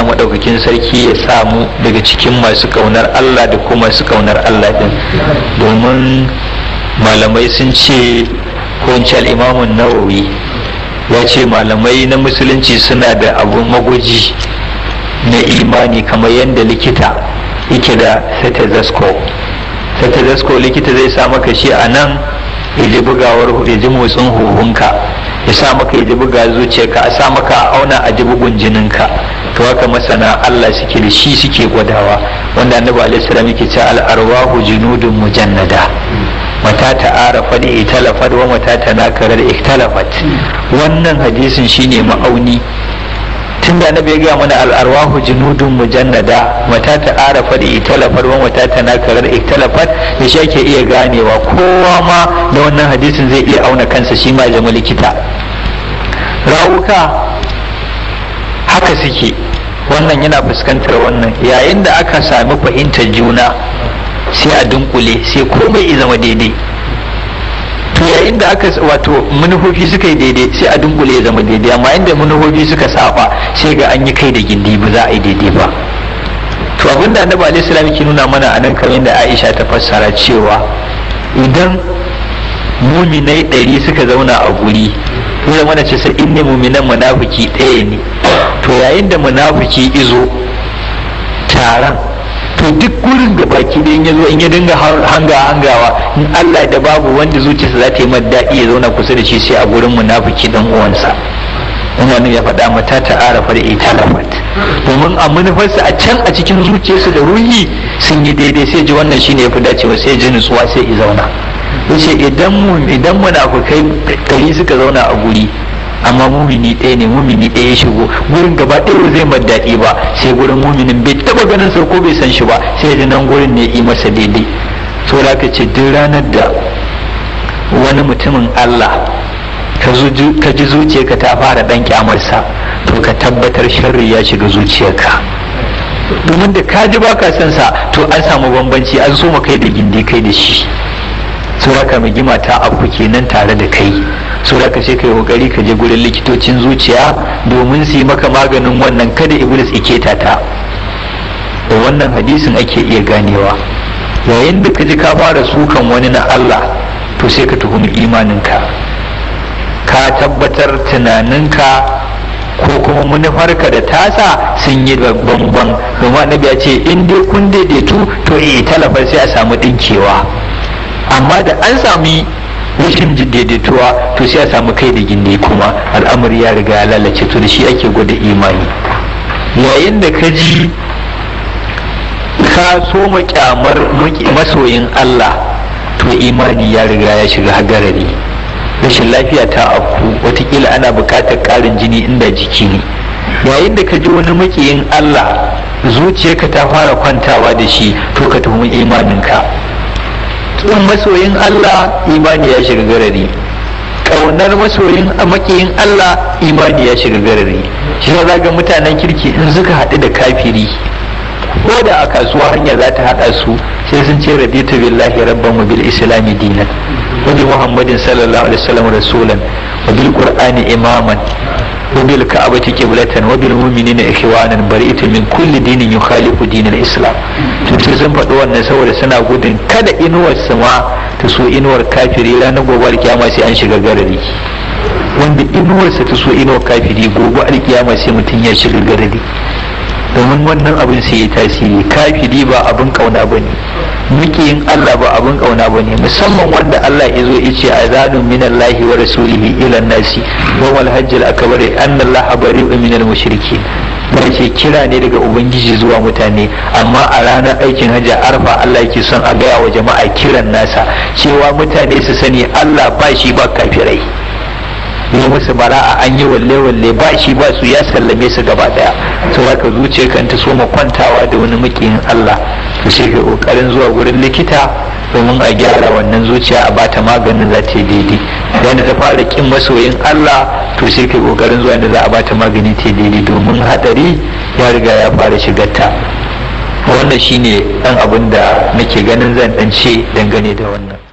Allah maɗaukakin sarki ya samu daga cikin masu kaunar Allah da kuma masu ƙaunar Allah ɗin domin malamai sun ce ko in ce nawawi ya ce malamai na musulunci suna da abun maguji na imani kamar yadda likita yake da stethoscope stethosco likita zai sa maka shi a nan ya ji bugawar ya ji motsin huhunka ya sa maka ya ji buga zuciyarka a sa maka auna a ji bugun jininka to haka masana Allah suke da shi suke gwadawa wanda annabi alaihi salam yake cewa al arwahu junudun mujannada mata arafa da italafat wa mata tanakara da italafat wannan hadisin shine ma'auni tunda annabi ya ga mana al arwahu junudun mujannada mata arafa da italafat wa mata tanakara da italafat da shi yake iya ganewa kowa ma da wannan hadisin zai iya auna kansa shi ma jama'a zama likita rawuka haka suke wannan yana fuskantar wannan yayin da aka sami fahimtar juna sai a dunkule sai komai ya zama daidai to yayin da aka wato manufofi suka yi daidai sai a dunkule ya zama daidai amma inda manufofi suka saba sai ga an yi kai da gindi ba za a yi daidai ba to abin da annabi alaihi salam ke nuna mana anan kamar yadda Aisha ta fassara cewa idan mumi muminai ɗari suka zauna a guri ko zama na ce sai in ne muminan munafiki ɗaya ne to yayin da munafuki izo taron to duk gurin da baki da in yazo in ya dinga hanga hangawa in Allah da babu wanda zuciyarsa za ta yi mar daɗi ya zauna kusa da shi sai a gurin munafiki dan uwansa wani ya faɗa mata ta arafa da ita rafat domin a manufarsa a can a cikin zuciyarsa da ruhi sun yi daidai sai ji wannan shine ya fi dacewa sai ji nutsuwa sai i zauna yace idan mu idan munafikai tari suka zauna a guri amma mumini ɗaya ne mumini ɗaya ya shigo gurin gaba ɗaya zai mai daɗi ba sai gurin muminin bai taɓa ganin sa ko bai san shi ba sai da nan gurin ne yi masa daidai To da ka ce duk ranar da wani mutumin Allah ka ji zuciyarka ta fara ɗan kyamarsa to ka tabbatar sharri ya shiga zuciyarka domin da ka ji baka son sa to an samu bambanci an so kai da gindi kai da shi suraka gima ta abu kenan tare da kai suraka sai kai kokari ka je gurin likitocin zuciya domin su yi maka maganin wannan kada iblis iketa ta da wannan hadisin ake iya ganewa yayin da ka ji ka fara sukan wani na Allah to sai ka tuhumi imaninka ka tabbatar tunaninka ko kuma manufarka da tasa sun yi bambam domin annabi ya ce in dai kun daidaitu to eh talafar sai a samu dinkewa amma da an sami rashin daidaituwa to sai a samu kai da gindi kuma al'amari ya riga ya lalace to da shi ake gwada imani yayin da ka ji ka so makyamar masoyin Allah to imani ya riga ya shiga hagarari rashin lafiya ta afku watakila ana buƙatar ƙarin jini inda jiki ne yayin da ka ji wani makiyin Allah zuciyarka ta fara kwantawa da shi to ka tuhumi imaninka tun masoyin Allah imani ya shiga garari kaunar masoyin a makiyin Allah imani ya shiga garari shi za ga mutanen kirki in suka haɗu da kafiri ko da a kasuwa hanya za ta haɗa su sai sun ce rabitu billahi rabban wa bil islami dinan wa bi muhammadin sallallahu alaihi wasallam rasulan wa bil qur'ani imaman وبل كعبة قبلة وبالمؤمنين إخوانا بريئة من كل دين يخالف دين الإسلام تتزم فدوان نسوى لسنا قدن كدا إنوى السماء تسوى إنوى الكافر لا نقوى والكيامة سيأنشق غردي wanda inuwarsa ta so inuwar kafiri gobe alkiyama sai mutum ya shiga garadi domin wannan abin sai ya tasiri kafiri ba abin kauna ba ne yin Allah ba abin kauna ba ne musamman wanda Allah ya zo ya ce azanun min Allah wa rasulihi ila nasi wa wal hajjal akbar anna Allah bari'un min al mushrikin ce kira ne daga ubangiji zuwa mutane amma a ranar aikin hajji arfa Allah yake son a gaya wa jama'a kiran nasa cewa mutane su sani Allah ba shi ba kafirai musu bara'a an yi walle walle ba shi ba su ya sallame su gaba daya to haka zuciya kan ta soma kwantawa da wani makiyin Allah to sai ga kokarin zuwa gurin likita domin a gyara wannan zuciya a bata maganin za ta daidai idan ta fara kin masoyin Allah to sai ga kokarin zuwa da za a ta magani ta daidai domin hadari ya riga ya fara shigar ta wannan shine dan abin da nake ganin zan dan ce dangane da wannan